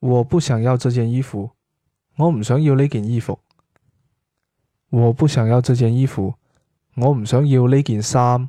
我不想要這件衣服，我唔想要呢件衣服。我不想要這件衣服，我唔想要呢件衫。